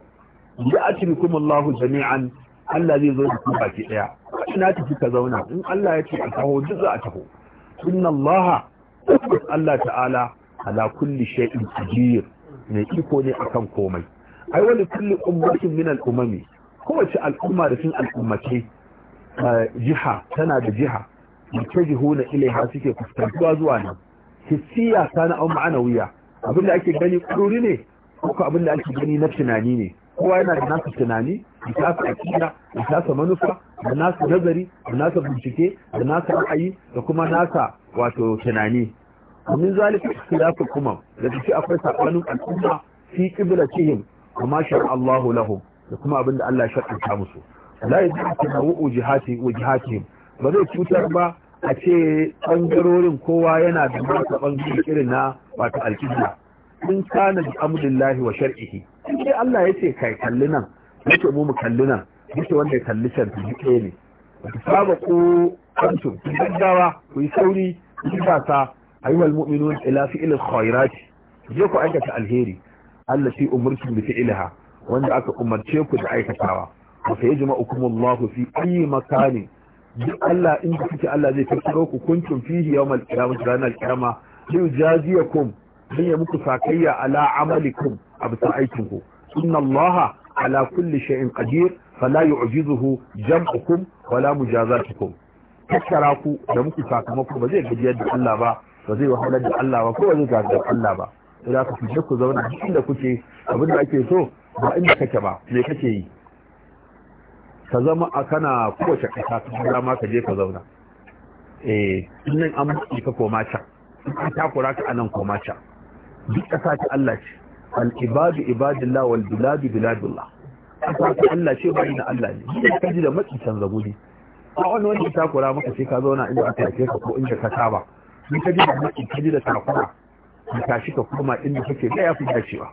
ya kuma Allah jami'an Allah zai zo da ku baki daya ina tafi ka zauna in Allah ya ce a taho duk za a taho inna Allah Allah ta'ala ala kulli shay'in qadir ne iko ne akan komai ai wani kulli ummatin min al-umami kowace al'umma da sun al'ummace eh, jiha tana da jiha mutajihuna ilaiha suke fuskantuwa zuwa nan hissiya ta na an ma'anawiya abin da ake gani kururi ne ko abin da ake gani na tunani ne kowa yana da nasa tunani da nasa akida da nasa manufa da nasa nazari da nasa bincike da nasa ra'ayi da kuma nasa wato tunani domin zalika ikhtilafu kuma da take akwai sabanin al'umma fi qiblatihim amma sha Allahu lahum da kuma abin da Allah ya shar'anta musu la yajidu tanawu'u jihati wa jihatihim ba zai cutar ba a ce ɓangarorin kowa yana da nasa ɓangare irin na wato alƙibla in kana bi amrillahi wa shar'ihi sai Allah ya ce kai kalli nan yace mu mu kalli nan yace wanda ya kalli can ta jike ne ku saba ku kantum ku gaggawa ku yi sauri ku yi gasa ayyuhal mu'minun ila fi'il khairat je ku aikata alheri Allah shi umurtu bi fi'ilha wanda aka umarce ku da aikatawa wa sayajma'ukum Allahu fi ayyi makanin duk Allah inda kuke Allah zai tattaro ku kuntum fihi yawmal qiyamah ranar kiyama zai jaziyakum dan ya muku sakayya ala amalikum a bisa aikin ku inna Allah ala kulli shay'in qadir fala yu'jizuhu jam'ukum wala mujazatukum tattara ku da muku sakamako ba zai gajiyar da Allah ba ba zai wahalar da Allah ba ko ba zai gajiyar Allah ba idan ka fice ku zauna inda kuke abinda ake so ba inda kake ba me kake yi ka zama a kana kowace ƙasa ta jira ma ka je ka zauna eh nan an buɗe ka koma can an takura ka anan koma can duk ƙasa ta Allah ce al ibadu ibadillah wal biladu biladullah ƙasa ta Allah ce bai na Allah ne duk ka ji da matsi can zagudi a wani wani ta takura maka sai ka zauna inda aka yake ka ko inda ka saba in ka ji da matsi ka ji da takura ka tashi ka koma inda kake ga ya fi dacewa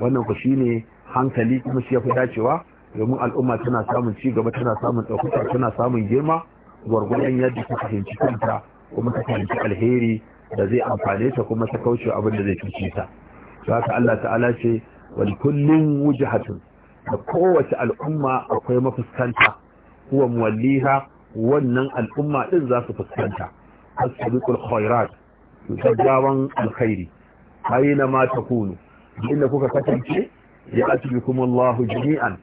wannan ku shine hankali kuma shi ya fi dacewa domin al'umma tana samun ci gaba tana samun ɗaukuka tana samun girma gwargwadon yadda ta fahimci kanta kuma ta fahimci alheri da zai amfane ta kuma ta kauce abin da zai cuce ta to haka Allah ta'ala ce wal kullun wujhatun da kowace al'umma akwai mafuskanta huwa muwalliha wannan al'umma din za su fuskanta as-sabiqul khairat gaggawan alkhairi aina ma takunu inda kuka kasance ya asibikum Allahu jami'an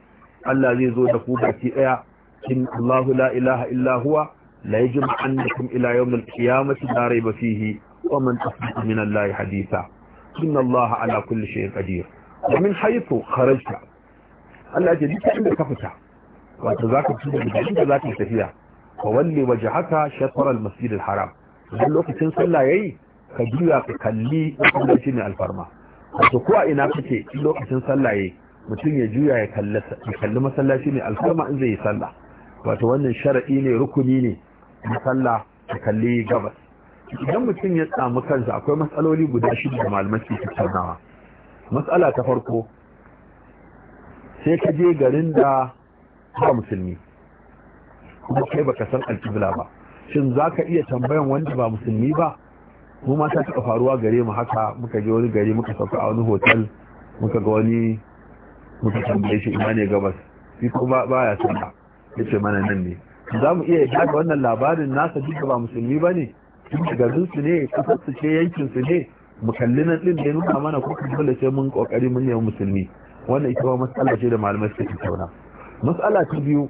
Allah zai zo da ku baki daya in Allahu la ilaha illa huwa la yajma'annakum ila yawmil qiyamati la rayba fihi wa man tasdiqa min Allah haditha inna Allah ala kulli shay'in qadir wa min haythu kharajta Allah ya ji inda ka fita wato zaka da daga zaka tafiya fa walli wajhaka shatr al-masjid al-haram lokacin sallah yayi ka juya ka kalli wannan shine alfarma wato ko ina kake lokacin sallah yayi mutum ya juya ya kalli masallaci ne alfarma in zai yi sallah wato wannan shara'i ne rukuni ne na sallah ya kalli gabas idan mutum ya samu kansa akwai matsaloli guda shida da malamai ke tattaunawa matsala ta farko sai ka je garin da ba musulmi kuma kai baka san alkibla ba shin za ka iya tambayan wanda ba musulmi ba mu ma ta taɓa faruwa gare mu haka muka je wani gari muka sauka a wani hotel muka ga wani ta tambaye shi ina ne gabas shi kuma baya ya yace mana nan ne za mu iya yadda wannan labarin nasa duka ba musulmi ba ne garin su ne kasar su ce yankin su ne mu kalli nan din da nuna mana ko kuma dole sai mun kokari mun nemi musulmi wannan ita ba matsala ce da malamai suke tattauna matsala ta biyu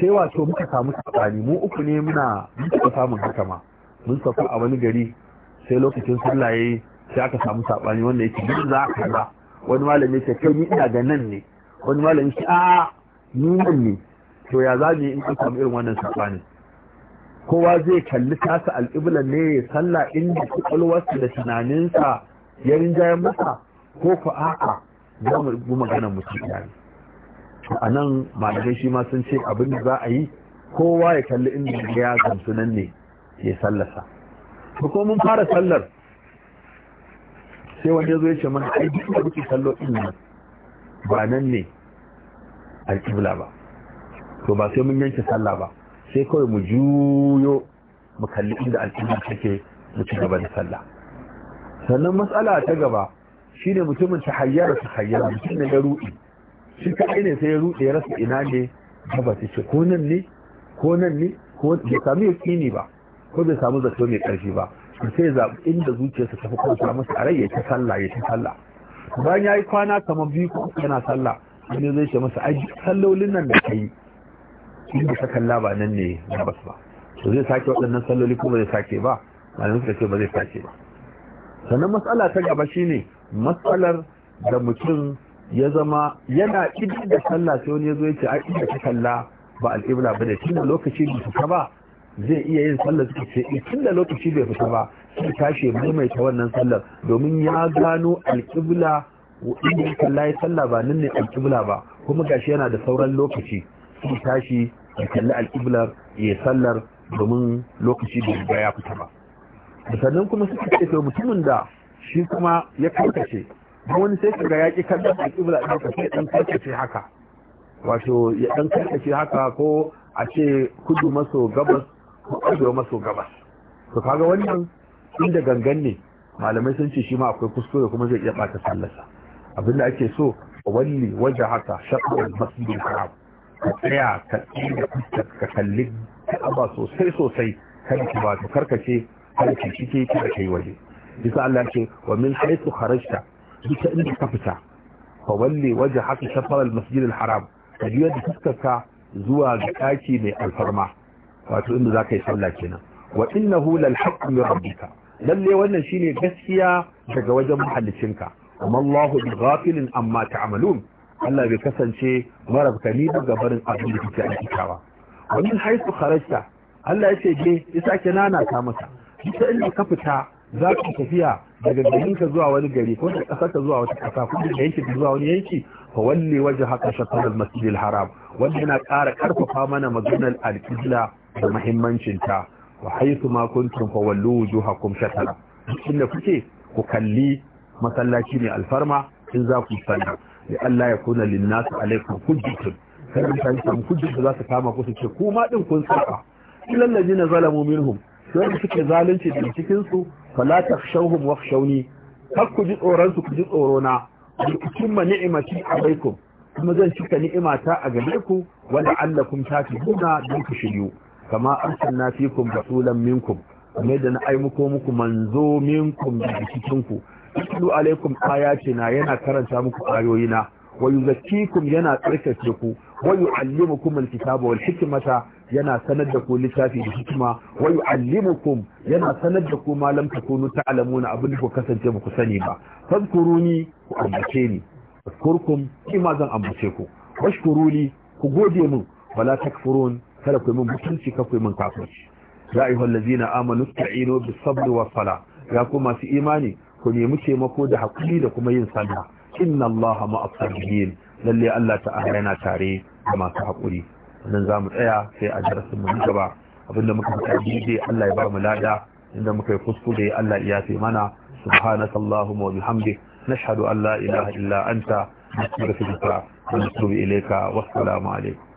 sai wato muka samu sabani mu uku ne muna muka samu haka ma mun safa a wani gari sai lokacin sallah yayi sai aka samu sabani wanda yake duk za ka wani malami ce kai ni ina ga nan ne wani malami ce a ni nan ne to ya za in an samu irin wannan sabani kowa zai kalli tasa al'iblan ne ya salla inda kwakwalwarsa da tunaninsa ya rinjayen masa ko ku a'a za mu rubu maganar mutum ɗaya a nan malamai shi ma sun ce abin da za a yi kowa ya kalli inda ya gamsu nan ne ya sallasa ko mun fara sallar sai wani ya zo ya ce mana ai duk da kuke kallo din nan ba nan ne alƙibla ba to ba sai mun yanke sallah ba sai kawai mu juyo mu kalli inda alƙibla take mu ci gaba da sallah sannan matsala ta gaba shine mutumin ta hayyara ta hayyara mutum ne ya ruɗe shi kaɗai ne sai ya ruɗe ya rasa ina ne ba ta ce ko nan ne ko nan ne ko bai samu yaƙini ba ko bai samu zato mai ƙarfi ba to sai zaɓi inda zuciyarsa ta fi kwanta masa a rai ya ta sallah ya ta sallah bayan ya yi kwana kamar biyu ko yana sallah wani zai ce masa ai sallolin nan da kai inda ta kalla ba nan ne na bas ba to zai sake waɗannan salloli ko ba zai sake ba malamin suka ce ba zai sake ba sannan matsala ta gaba shine matsalar da mutum ya zama yana idan da sallah sai wani ya zo ya ce ai inda ta kalla ba al'ibla ba ne tun lokaci da ta ba zai iya yin sallar suka ce eh, tun da lokaci bai fita ba sai tashi maimaita wannan sallar domin ya gano alƙibla inda ya kalla ya sallah ba nan ne alƙibla ba kuma gashi yana da sauran lokaci sai tashi ya kalli alƙiblar ya sallar domin lokaci bai riga ya fita ba sannan kuma suka ce to mutumin da shi kuma ya karkace don wani sai kaga ya ƙi kallon alƙibla ɗin ka sai ɗan karkace haka wato ya ɗan karkace haka ko a ce kudu maso gabas ko maso gabas to kaga wannan inda gangan ne malamai sun ce shi ma akwai kuskure kuma zai iya bata sallarsa abinda ake so wanne waje haka shakar masjidin haram ka tsaya ka tsira fuskar ka kalli ka'aba sosai sosai kada ki ba ka karkace kada ki cike kai waje bisa Allah ce wa min haythu kharajta duka inda ka fita fa walli waje haka shakar masjidin haram ka biyo da fuskar zuwa ga ɗaki mai alfarma wato inda za ka yi sallah kenan wa innahu lal haqqu rabbika lalle wannan shine gaskiya daga wajen mahallicinka amma Allahu bi ghafilin amma ta'malun Allah bai kasance ni daga barin abin da kake aikatawa wa min haythu kharajta Allah ya ce je isa kinana ka masa duk inda ka fita za ka tafiya daga garin zuwa wani gari ko daga ƙasar zuwa wata ƙasa ko daga yanki zuwa wani yanki fa walle waje haka shakar al-masjid al-haram wanda yana ƙara karfafa mana maganar al-qibla da mahimmancinta, wa haythu ma kuntum fawallu wujuhakum shatara inda kuke ku kalli masallaci ne alfarma in za ku salla li Allah ya kuna lin nas alaikum hujjatun sai mutane samu hujjar za su kama ku su ce ku ma din kun saba illal ladina zalamu minhum sai da suke zalunci da cikin su fala takhshawhum wakhshawni kar ku ji tsoron su ku ji tsoro na kuma ni'imati alaikum kuma zan cika ni'imata a gare ku wanda allakum tatibuna don ku shiryu kama na fikum rasulan minkum kamar da na aimuko muku manzo minkum da cikinku yatlu alaikum na yana karanta muku na wa yuzakkikum yana tsarkake ku wa yuallimukum alkitaba wal hikmata yana sanar da ku littafi da hikima wa yuallimukum yana sanar da ku malam ta takunu ta'lamuna abin da ku kasance ba ku sani ba fadkuruni ku ambace ni fadkurkum kima zan ambace ku washkuruni ku gode min wala takfurun kada ku min mutunci ka ku yi min kafirci ya ayyuhal ladina amanu ta'inu bis sabri was sala ya ku masu imani ku nemi taimako da hakuri da kuma yin sallah inna allaha ma'as sabirin lalle Allah ta'ala yana tare da masu hakuri nan za mu tsaya sai a darasin mu gaba abinda muka fita daidai Allah ya ba mu lada inda muka yi kuskure Allah ya fi mana subhanaka allahumma wa bihamdik nashhadu an la ilaha illa anta nastaghfiruka wa natubu ilayka wa